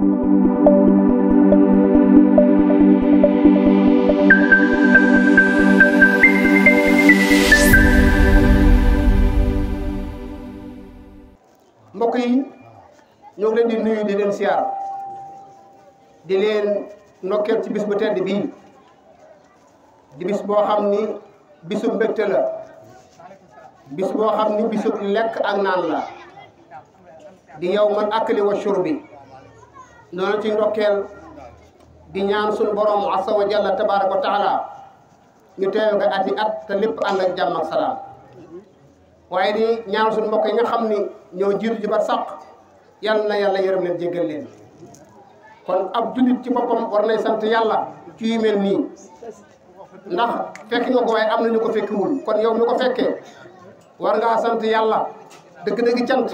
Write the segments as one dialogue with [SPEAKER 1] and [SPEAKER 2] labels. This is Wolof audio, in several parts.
[SPEAKER 1] mbokk yi ñoo ngi leen di nuyu di leen siyaar di leen ndokkeel ci bis bu tedd bii di bis boo xam ni bisu mbégte la bis boo xam ni bisu lekk ak naan la di yow man akli wa shurbi loolu ci ndokkeel di ñaan suñu borom asa wa jalla tabaaraka wa taala ñu teewe ko ati at te lépp ànd ak jàmm ak salaam waaye ñaan suñu mbokk yi nga xam ni ñoo jiitu ci ba sàq yal na yàlla yërëm leen jéggal leen kon ab jullit ci boppam war nay sant yàlla ci yu mel nii ndax fekk nga ko am na ñu ko fekkiwul kon yow mi ko fekkee war ngaa sant yàlla dëgg-dëgg cant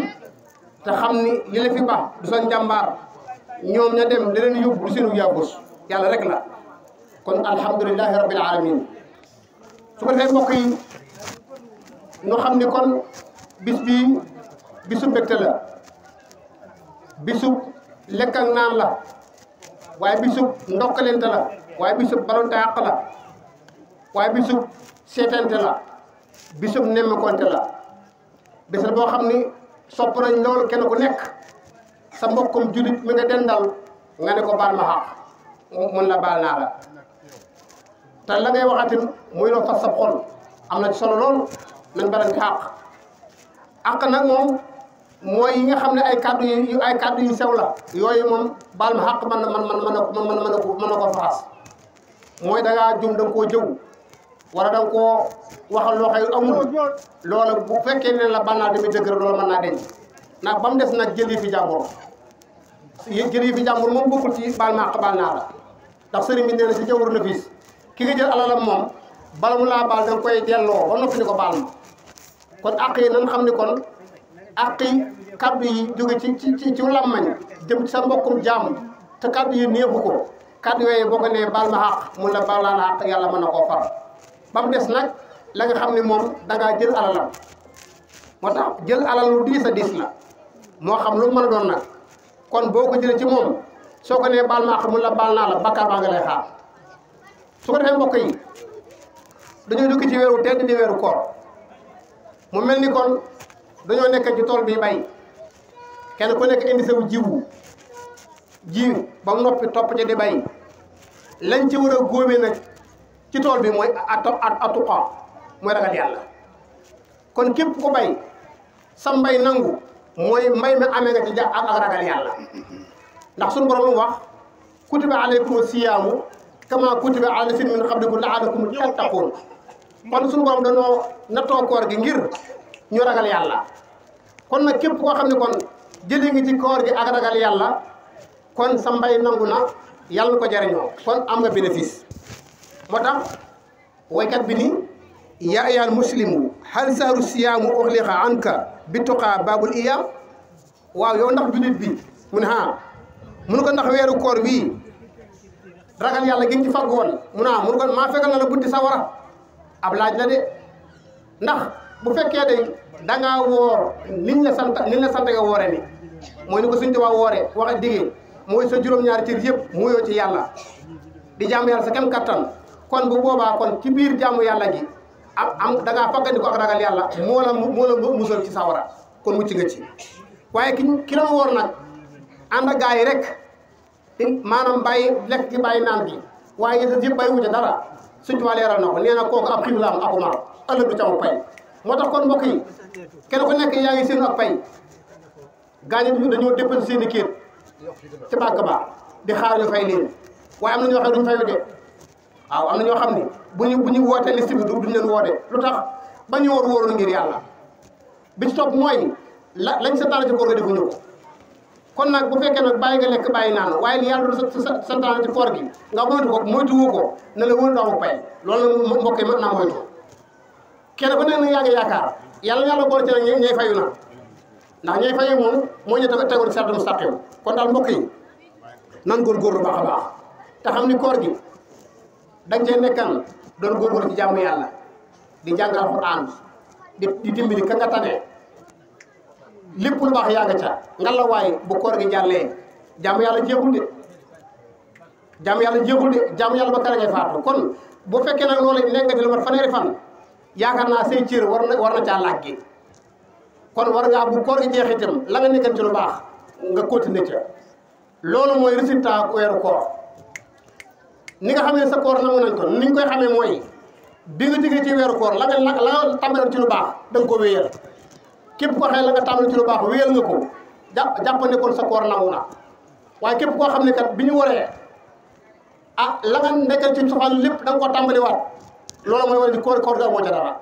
[SPEAKER 1] te xam ni li la ba du sa njàmbaar ñoom ña dem li leen yóbbu seenu yaabus yàlla rek la kon alhamdulilahi rabbil alamin su ko defee mbokk xam ni kon bis bii bisu mbégte la bisu lekk naan la waaye bisu ndokkalente la waaye bisu balonte àq la waaye bisu seetante la bisu nemmekonte la bis la boo xam ni sopp nañ loolu kenn ku nekk sa mbokkum julit mi nga dendal nga ne ko baal ma xaq mun la baal naa la te la ngay waxatim muy loo fas sa xol am na solo lool nañ baran ci xaq àq nag moom mooy yi nga xam ne ay kàddu yu ay kàddu yu sew la yooyu moom baal ma xaq man man man man man man mën na ko faxas mooy da ngaa jum da nga koo jëw wala da nga koo waxal loo xëy amul loola bu fekkee ne la baal naa demee dëgg lool loola naa denc nag ba mu des nag jël yi fi jàmbur jël yi fi jàmbur moom bokkul ci baal maaq baal naa ndax sëriñ bi nee na si jawwur na fiis ki nga jël alalam moom bala mu laa baal danga koy delloo ko baal kon àq yi xam ni kon àq yi kaddu yi jóge ci ci ci ci làmmañ jëm ci mbokkum jàmm te kaddu yi néexu ko boo ko nee baal ma xaq mun la baal naa la yàlla mën na koo far ba mu des nag la nga xam ne moom dangaa jël alalam moo tax jël alal lu diis a diis la moo xam lu mën a doon nag kon boo ko jëlee ci moom soo ko nee baal ma àq mun la baal naa la bakkaar baa nga lay su ko defee mbokk yi dañoo dugg ci weeru tedd di weeru koor mu mel ni kon dañoo nekk ci tool bi bay kenn ku nekk indi saw jiwu ji ba mu noppi topp ca di bay lañ ci war a góobee nag ci tool bi mooy at atuqa mooy ragal yàlla kon képp ku bay sa mbay nangu mooy may mi amee nga ci jàpp ak ragal yàlla ndax suñu borom mu wax kutiba alaykum siyaamu kama kutiba ala sin min qablikum laalakum tattaquun kon suñu borom dañoo nattoo koor gi ngir ñu ragal yàlla kon nag képp koo xam ne kon jëlee ngi ci koor gi ak ragal yàlla kon sa mbay nangu na yàlla na ko jariñoo kon am nga bénéfice moo tax waykat bi nii يا ya أيها Muslimu, هل شهر الصيام أغلق عنك بتقى باب الإيام waaw yow ndax jullit bi mu ne ah mu ne ko ndax weeru koor wii ragal yàlla gi nga ci fàgg woon mu ne ah mu ne ko maa fekkal na la bunti sawara ab laaj la de ndax bu fekkee de da ngaa woor niñ la sant niñ la sant nga ni ni ko wax sa ci di sa kem kon bu kon ci biir jaamu yàlla gi am da ni ko ak ragal yalla mo la mo la musal ci sawara kon ci nga ci waaye ki ki la wor nag anda ak yi rek maanaam bàyyi lek gi bàyyi naan gi waaye yéen yëpp bàyyi wuute dara suñ tubaab leeral na ko nee na kooku la am aku mar ëllëg du ca pay moo tax kon mbokk yi kene ku nekk yaangi seen ak pay gaañ ñu dañoo dépensé seen i ci bakka ba di xaar yu fay leen waaye am na ñoo xam ne duñ fayu de waaw am na ñoo xam ne bu ñu bu ñu wootee liste bi du duñ leen woote lu tax ba ñu wóor wóorul ngir yàlla bi ci topp mooy la lañ santaane ci koor ga defuñu ko kon nag bu fekkee nag bàyyi nga lekk bàyyi naan waaye li yàlla du santaane ci koor gi nga moytu ko moytu woo ko na la wóor doo ko pay loolu nag mbokk yi mën naa moytu kenn ku nen nag yaa ngi yaakaar yàlla yàlla boole ci nag ñooy fayu na ndax ñooy fayu moom moo ñu tegoon ci mu mustaqim kon daal mbokk yi nan góorgóorlu baax a baax te am ni koor gi dañ cey nekkal doon góorgóor ci jàmm yàlla di jàng alxuraan di di dimbali ka nga tane lépp lu baax yaa nga ca nga la waaye bu koor gi jàllee jàmm yàlla jeexul de jàmm yàlla jeexul de jàmm yàlla ba kare ngay faatu kon bu fekkee nag loolu nekk nga di lu mat fanweeri fan yaakaar naa say cër war na war na caa laaj kon war ngaa bu koor gi jeex itam la nga nekkan ci lu baax nga continuer ca loolu mooy résultat weeru koor ni nga xam ne sa koor nangu nañ ko ni ñu koy xamee mooy bi nga diggee ci weeru koor la nga la nga tàmbali ci lu baax da nga wéyal képp koo xam la nga tàmbali ci lu baax wéyal nga ko jàpp jàppandi kon sa koor nangu na waaye képp koo xam ne kat bi ñu waree ah la nga nekkal ci sofaan lépp da nga ko tàmbaliwaat loolu mooy war di koor koor ga dara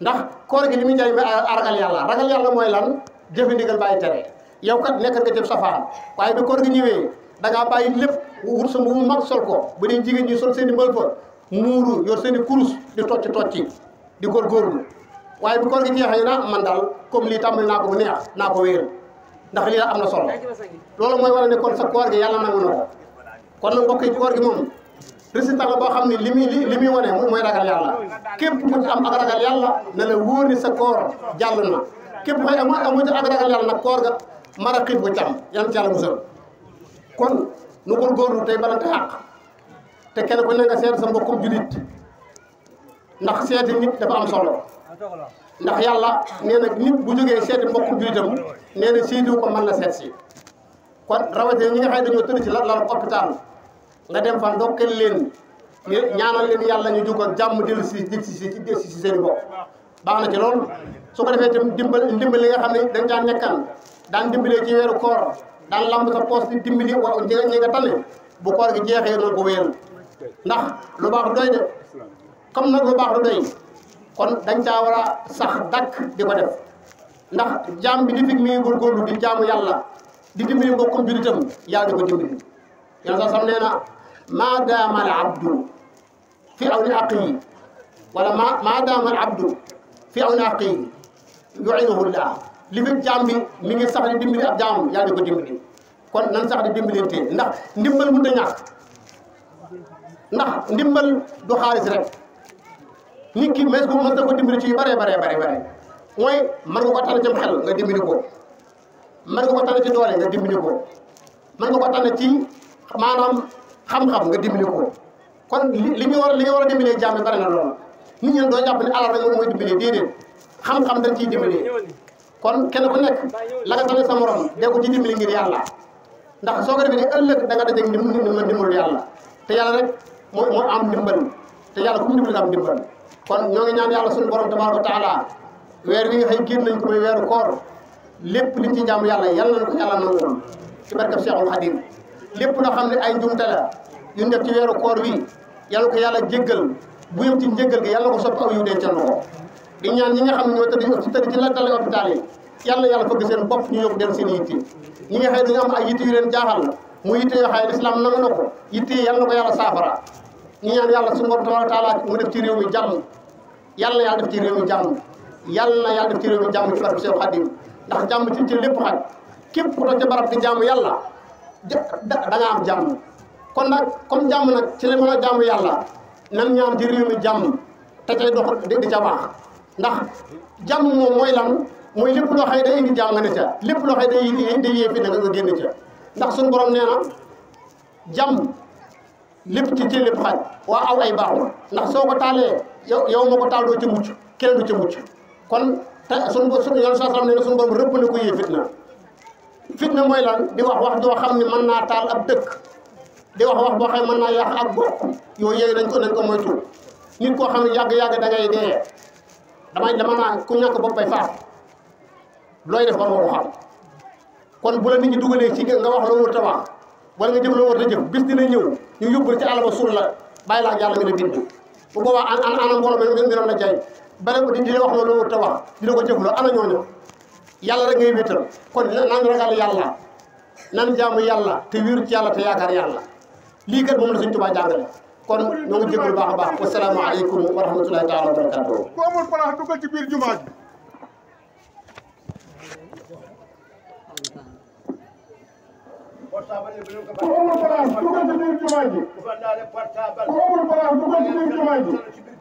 [SPEAKER 1] ndax koor gi li muy jaay mi ragal yàlla ragal yàlla mooy lan jëfe ndigal bàyyi tere yow kat nekk nga ci safaan waaye bi koor gi ñëwee da ngaa bàyyi lépp wursu bu mu mag sol ko bu dee jigéen ñi sol seen i mbëlfa muuru yor seen i kurus di tocc tocci di góorgóorlu waaye bu koor gi jeexee na man daal comme lii tàmbali naa ko neex naa ko wéer ndax lii am na solo loolu mooy wane ne kon sa koor gi yàlla nangu na ko kon nag mbokk yi koor gi moom résultat la boo xam ne li muy li muy wane mooy ragal yàlla képp ku ci am ak ragal yàlla na la wóor ni sa koor jàll na képp koy amu amu ci ak ragal yàlla nag koor ga mara xiit bu cam yan musal kon nu góorgóorlu tey balante àq te kenn ku ne nga seet sa mbokkum julit ndax seeti nit dafa am solo ndax yàlla nee na nit bu jógee seeti mbokkum julitam nee na séediwu ko man la seet si kon rawatina ñi nga xam ne dañoo tëdd ci la la hôpital nga dem fa ndokkeel leen ñaanal leen yàlla ñu jóg ak jàmm dellu si dig si si si si seen bopp baax na ci loolu su ko defee tam dimbal ndimbal li nga xam ne dañ daan nekkan daan dimbalee ci weeru koor Dan lamb sa poos di dimbali wala ñi nga ñi nga bu koor gi jeexee noonu ko wéeru ndax lu bax doy de comme nak lu bax doy kon dañ ta wara sax dak diko def ndax jam bi di fig mi ngi góorgóorlu di jamu yalla di dimbali mbokkum julitam yàlla ya diko dimbali ya sa sam leena ma maa al abdu fi awli aqi wala ma ma daama al abdu fi awli aqi yuinuhu allah limit jaam bi mi ngi sax di dimbali ab jaamam yàlla di ko dimbali kon nan sax di dimbalante ndax ndimbal mun a ñàkk ndax ndimbal du xaalis rek nit ki mais ko mën na ko dimbali ci yu bëree bare bare bare mooy mën nga ko tànn ci xel nga dimbali ko mën nga ko tànn ci doole nga ko mën nga ko tànn ci maanaam xam-xam nga dimbali ko kon li ñu war li ñu war a dimbalee jaam bi bare na lool nit ñi doo jàpp ne alal rek moom mooy dimbalee déedéet xam-xam dañ ciy dimbalee kon kenn ku nekk la nga sa morom dee ko ci dimbali ngir yàlla ndax soo ko defee ëllëg da nga dajeeg ndim ndimbalu yàlla te yàlla rek moo moo am ndimbal te yàlla ku mu dimbali am ndimbal kon ñoo ngi yàlla suñu borom tabaaraka taala weer wi nga xëy génn nañ ko muy weeru koor lépp liñ ci jaamu yàlla yàlla nañ ko yàlla nangu ci barkab Cheikhul Khadim lépp loo xam ne ay njumte la yu ñu def ci weeru koor wi yàlla ko yàlla jéggal bu yem ci njéggal gi yàlla ko soppi aw yu dencee ko di ñaan ñi nga ñoo tëdd ci tëdd ci lakkale hôpital yi yàlla yàlla seen bopp ñu yóbbu dem seen yitte ñi nga xam ne am ay yitte yu leen jaaxal mu yitte yoo xam ne lislaam nangu na ko yitte yi yàlla na ko ñaan yàlla suñu borom tabaaraka taala mu def ci réew mi jàmm yàlla yàlla def ci réew mi jàmm yàlla yàlla def ci réew mi jàmm ci barab Seex jàmm ci ci lépp xaj képp ku toog ca barab di jàmm yàlla am jàmm kon nag comme jàmm nag ci la mën a jàmm yàlla nan ñaan ci réew mi jàmm te cay dox di ca baax ndax jàmm moom mooy lan mooy lépp loo xëy day indi jàmm nga ne ca lépp loo xëy day day yéefi na nga génn ca ndax suñu borom nee na jàmm lépp ci ci lépp xaj waa aw ay baaxul ndax soo ko taalee yow yow moo ko taal doo ca mucc kenn du ca mucc kon te suñu suñu yoon saa salaam nee na suñu borom rëbb ko yee fitna fitna mooy lan di wax wax doo xam ne mën naa taal ab dëkk di wax wax boo xam ne mën naa yàq ak bokk yooyu yooyu nañ ko nañ ko moytu nit koo xam ne yàgg-yàgg da ngay dee damay dama naan ku ñàkk boppay faat looy def war moo ko xam kon bu la nit ñi dugalee ci nga wax loo wër wax wala nga jëf loo wër ta bi bis dina ñëw ñu yóbbu ci àll ba suul la bàyyi la ak yàlla nga ne bind bu boobaa an an di dina wax loo loo wër ta wax dina ko jëf loo ana ñooñu yàlla rek ngay wéttal kon naan ragal yàlla nan jaamu yàlla te wéeru ci yàlla te yaakaar yàlla lii kat moom la suñ tubaa jàngale kon ñoo ngi jégalu baax a baax wasalaamaaleykum wa rahmatulahi taala wa barakatuh ku amul place dugal ci biir jumaa ji portable bi ko amul place dugal ci biir jumaa ji ku amul place dugal ci biir jumaa ji